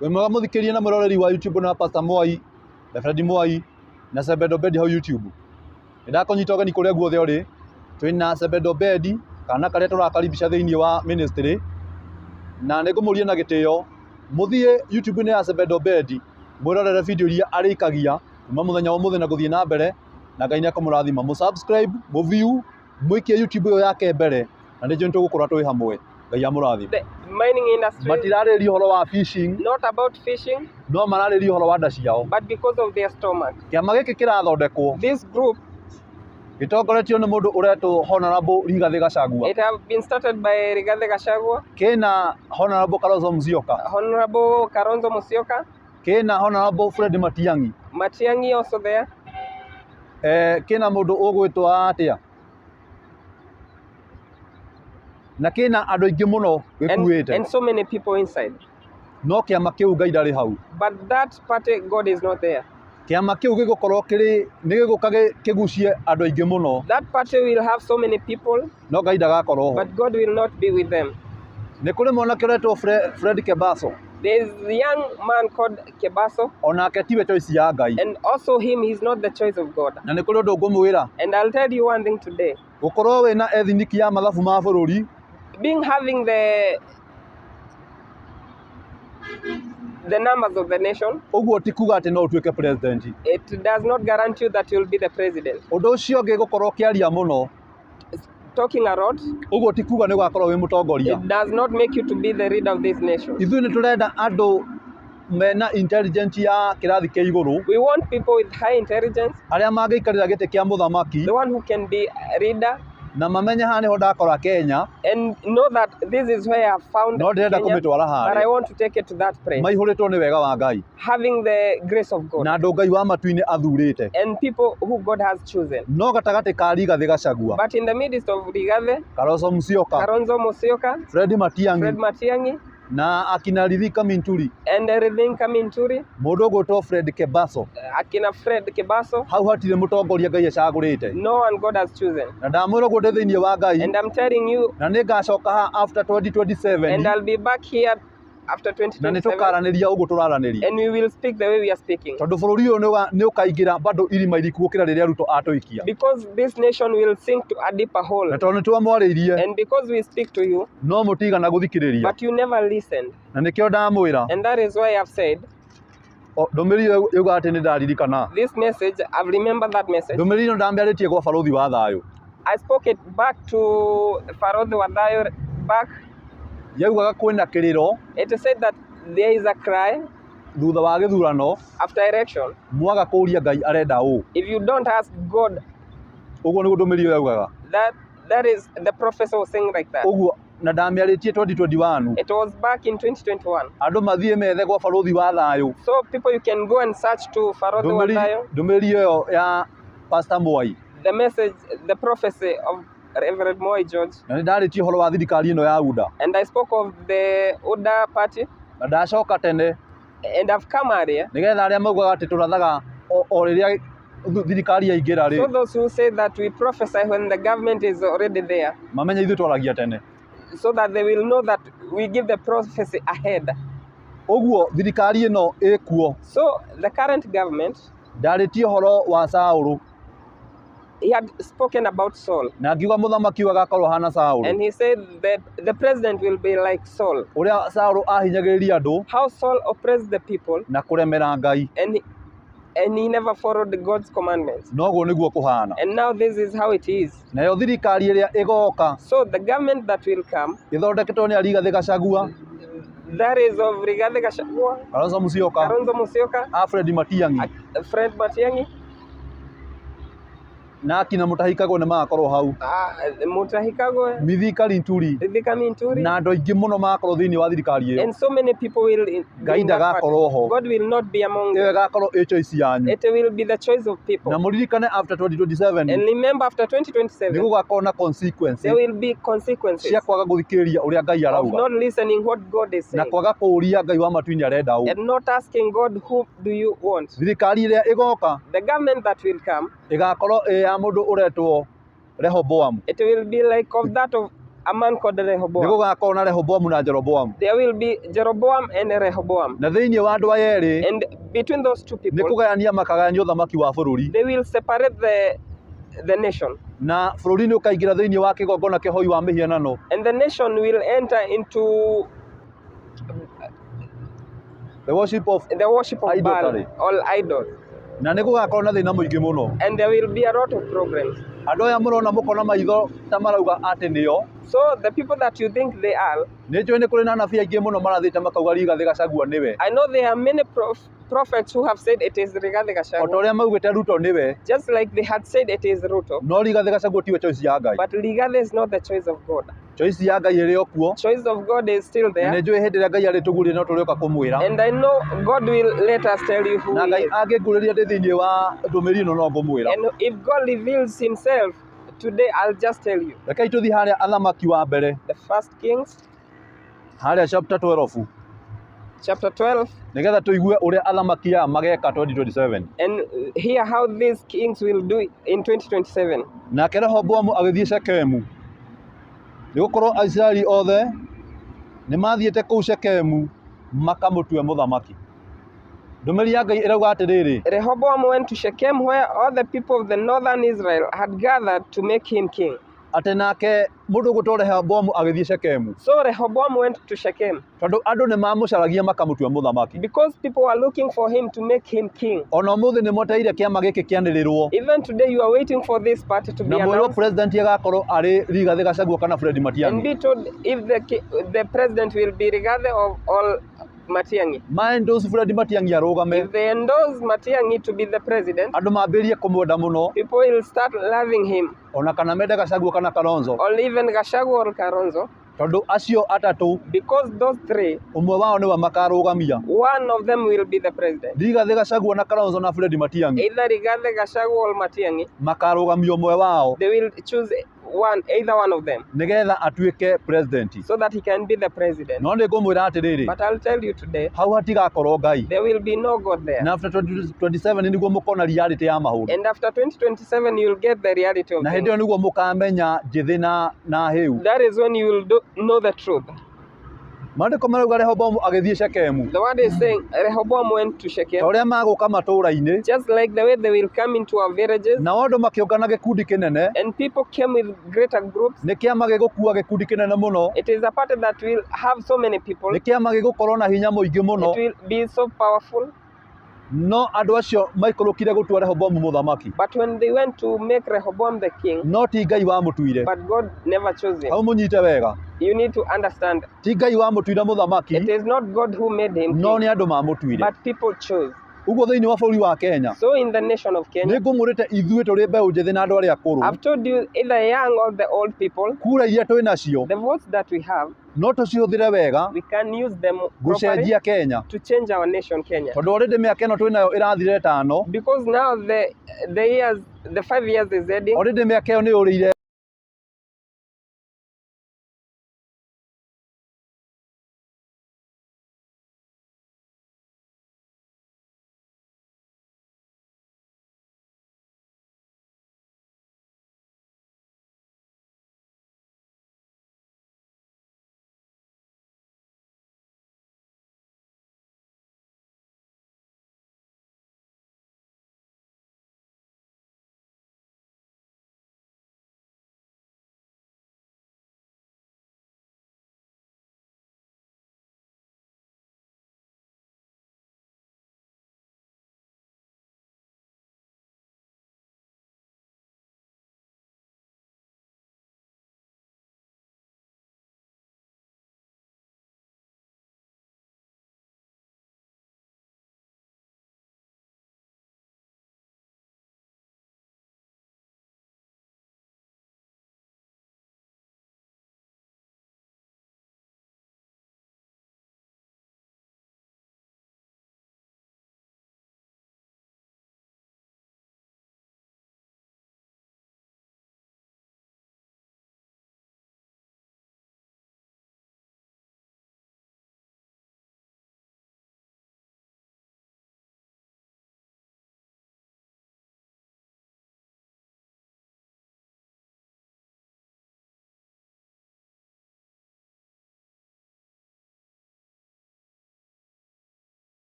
we mwega må thikä rä na mwä wa youtube na pastor mwai na fred mwai na sebedo bedi hau youtube nä ndakånyita å geni kå rä a guothe å rä twä na sebedo bedi kana karä a tå rakaribisha thä inä wa ministry na nä ngå må ria na gä tä o må thiä youtube-inä ya sebedo bedi mwä rorere video iria arä ikagia kuma må thenya å må thä na gå thiä na mbere na ngai nä akamå rathima må subscribe må view mwä kie youtube ä yo yake mbere na nä njå nä tå gå korwo twä hamwe ngai amurathime mining ria å horo wa fishing not about fishing no maraarĩria wa nda ciao but because of their stomach kĩama gĩkĩ kĩrathondekwo this group gĩtongoretio nĩ mũndũ ũretwo honorable Rigathĩ Gachagua it have been started by Rigathĩ Gachagua honorable Kalonzo Musyoka honorable honorable Fred Matiang'i Matiang'i also there eh kĩna mũndũ ũgwĩtwo atĩa na kina andå aingä må no gä kuä te no kä ama kä u ngai ndarä hau kä ama kä u gä gå korwo nä gä gå ka kä gucie andå aingä må no no ngai ndagakorwo ho nä kå rä mwana å retwo fred kebaso There is a young man called Kebaso. Onake tiwe choice ya Ngai. And also him he is not the choice of God. Na nä kå rä ndå ngå mwä And I'll tell you one thing today. Gå korwo wä na ethiniki ya mathabu ma bå rå ri being having the the numbers of the nation ti kuga ati no utuike president it does not guarantee you that you will be the president undu ucio ngi gukorwo muno talking a lot ti kuga ni ugakorwo wi mutongoria it does not make you to be the leader of this nation mena intelligence ya kĩrathi kĩa igũrũ we want people with high intelligence arĩa mangĩikarĩra gĩtĩ kĩa mũthamaki the one who can be a leader na mamenye haha niho ndakora Kenya and know that this is where I found no ndirenda kumitwara haha but I want to take it to that place maihũrĩtwo nĩ wega wa Ngai having the grace of God na andũ Ngai wa matuinĩ athurĩte and people who God has chosen no gatagatĩ ka Rigathĩ Gachagua but in the midst of Rigathĩ Kalonzo musioka karonzo musioka Fred Matiang'i Fred Matiang'i na akina Ridhika Minturi and Ridhika Minturi mundu to Fred Kebaso eh, akina Fred Kebaso hau hatire mutongoria ngai acagurite no one god has chosen na ndamwira guo ndi wa ngai and i'm telling you na ningacoka ha after 2027 and i'll be back here after 2027 na nitukaraniria uguo turaraniria and we will speak the way we are speaking tondu bururi uyu ni ukaingira bado irima iriku gukira riria ruto atwikia because this nation will sink to a deeper hole na tondu and because we speak to you no mutigana guthikiriria but you never listened na nikio ndamwira and that is why i have said ndumĩrĩri yuga atĩ nĩ ndaririkana ndumĩrĩri ĩno ndamĩarĩtie gwa barũthi wa thayũ I spoke it back to Farodhi Wadayo back yaugaga kwina kiriro it is said that there is a cry thutha wa githurano after election mwaga kuria ngai arenda ũ if you don't ask god uguo niguo ndumirio yaugaga that that is the professor was saying like that uguo na ndamĩarĩtie 2021 it was back in 2021 andũ mathie methe gwa farothi wa thayo so people you can go and search to farothi wa thayo ndũmĩrĩri yo ya pastor mwai the message the prophecy of Reverend Moi George na nä ndarä tie å horo wa thirikari ä no ya UDA and I spoke of the UDA party na ndacoka tene and I've come earlier nä getha arä a maugaga atä tå rathaga o rä rä a thirikari yaingä ra rä so those who say that we prophesy when the government is already there mamenye ithuä twaragia tene so that they will know that we give the prophecy ahead uguo thirikari ino ikuo so the current government ndaritie horo wa Saulu he had spoken about Saul. Na akiuga muthamaki uyu agakorwo hana Saul. And he said that the president will be like Saul. Uria Saul ahinyagiriria andu. How Saul oppressed the people. Na kuremera Ngai. And and he never followed God's commandments. Noguo niguo kuhana. And now this is how it is. Nayo thirikari iria igoka. So the government that will come. Ithondeketwo ni Rigathi Gachagua. That is of Rigathi Gachagua. Kalonzo Musyoka. Kalonzo Musyoka. Ah, Matiang'i. Fred Matiang'i na akina tahikagwo nä magakorwo hau ah, mutahikagwo mithika linturi na andå aingä må no magakorwo thä wa thirikari ä yo so many people will ngai ndagakorwo ho god will not be among ä yo ĩgakorwo ä choice yanyu it will be the choice of people na må after 2027 and remember after 2027 nä gå gakorwo na consequences there will be consequences cia kwaga gå thikä rä ria å rä a ngai arauga not listening what god is saying na kwaga kå ria ngai wa matuinä arenda å and not asking god who do you want thirikari ä rä a ä goka the government that will come ä gakorwo ya mundu uretwo Rehoboam it will be like of that of a man called Rehoboam ga kona Rehoboam na Jeroboam there will be Jeroboam and Rehoboam na thiini wa andu aya and between those two people ga ania makaga makagayania uthamaki wa bururi they will separate the the nation na bururi ni ukaingira thiini wa kigongona kihoi wa mihianano and the nation will enter into the worship of the worship of idolatry. Baal, all idols na nä gå gakorwo na thä na må ingä må no and there will be a lot of problems andå aya må rona må kona maitho ta marauga atä nä o so the people that you think they are nä njå nä kå rä na nabi aingä må no marathä te makauga rigathä gacagua nä we i know there are many prophets who have said it is o ta å rä a maugä ruto nä we just like they had said it is ruto no rigathä gacagua tiwe choice ya ngai but is not the choice of god choice ya ngai iri okuo choice of god is still there ni njui hindi ria ngai aritugurire no turiuka kumwira and i know god will let us tell you who na ngai angikuriria ndi thiini wa ndumiri no no ngumwira and if god reveals himself today i'll just tell you rekai tuthi haria athamaki wa mbere the first kings haria chapter 12 chapter 12 nigetha tuigue uria athamaki aya mageka 2027 and hear how these kings will do in 2027 nake rehoboamu agithie shekemu nä gå korwo aisiraeli othe nä te kå u thamaki ndå muthamaki ri ya ngai irauga atiriri rehoboam went to shechem where all the people of the northern israel had gathered to make him king atĩ nake mũndũ gũtwo Rehoboamu agĩthiĩ Shekemu. So Rehoboam went to Shechem tondũ andũ nĩ mamũcaragia makamũtua mũthamaki. because people were looking for him to make him king. Ona ũmũthĩ nĩ mwetereire kĩama gĩkĩ kĩanĩrĩrwo. Even today you are waiting for this party to be announced na mwĩrwo announced president agakorwo arĩ Rigathĩ Gachagua kana Fred Matiang'i. and be told if the, the president will be Rigathi of all Matiang'i Ma Those Fred Matiang'i arugame If they endorse Matiang'i to be the president andu mambirie kumwenda muno People will start loving him ona kana mende Gachagua kana Kalonzo Or even Gachagua or Kalonzo tondu acio atatu because those three umwe wao ni wa makarugamia one of them will be the president rigathe gacagua na kalonzo na Fred Matiang'i either rigathe gacagua or Matiang'i makarugamia umwe wao they will choose one either one of them nigetha atuike president so that he can be the president no ndigumwira atiriri but i'll tell you today how hatiga koro ngai there will be no god there and after 2027 niguo mukona reality ya mahundu and after 2027 you'll get the reality of na hindi niguo mukamenya njithi na na hiu that is when you will do, know the truth ko marauga Rehoboamu agä thiä The word is saying Rehoboam went to Shechem. Torĩa magũka matũũra-inĩ. Just like the way they will come into our villages. Na andũ makĩũngana gĩkundi kĩnene. And people came with greater groups. It is a party that will have so many people. na hinya må ingä It will be so powerful no andå acio maikå rå kire gå but when they went to make rehoboam the king no ti ngai wa må tuire hau må nyite wega You need to understand. Ti Ngai wa muthamaki. It is not God who made him. No nä andå mamutwire. But people chose. Uguo thĩinĩ wa bũrũri wa Kenya. So in the nation of Kenya. Nĩ ngũmũrĩte ithuĩ tũrĩ mbeũ na andũ arĩa akũrũ. I've told you either young or the old people. Kura iria nacio. The votes that we have. No wega. We can use them Kenya. To change our nation Kenya. Tondũ already mĩaka ĩno nayo ĩrathire ĩtano. Because now the the years the five years is ending. Already mĩaka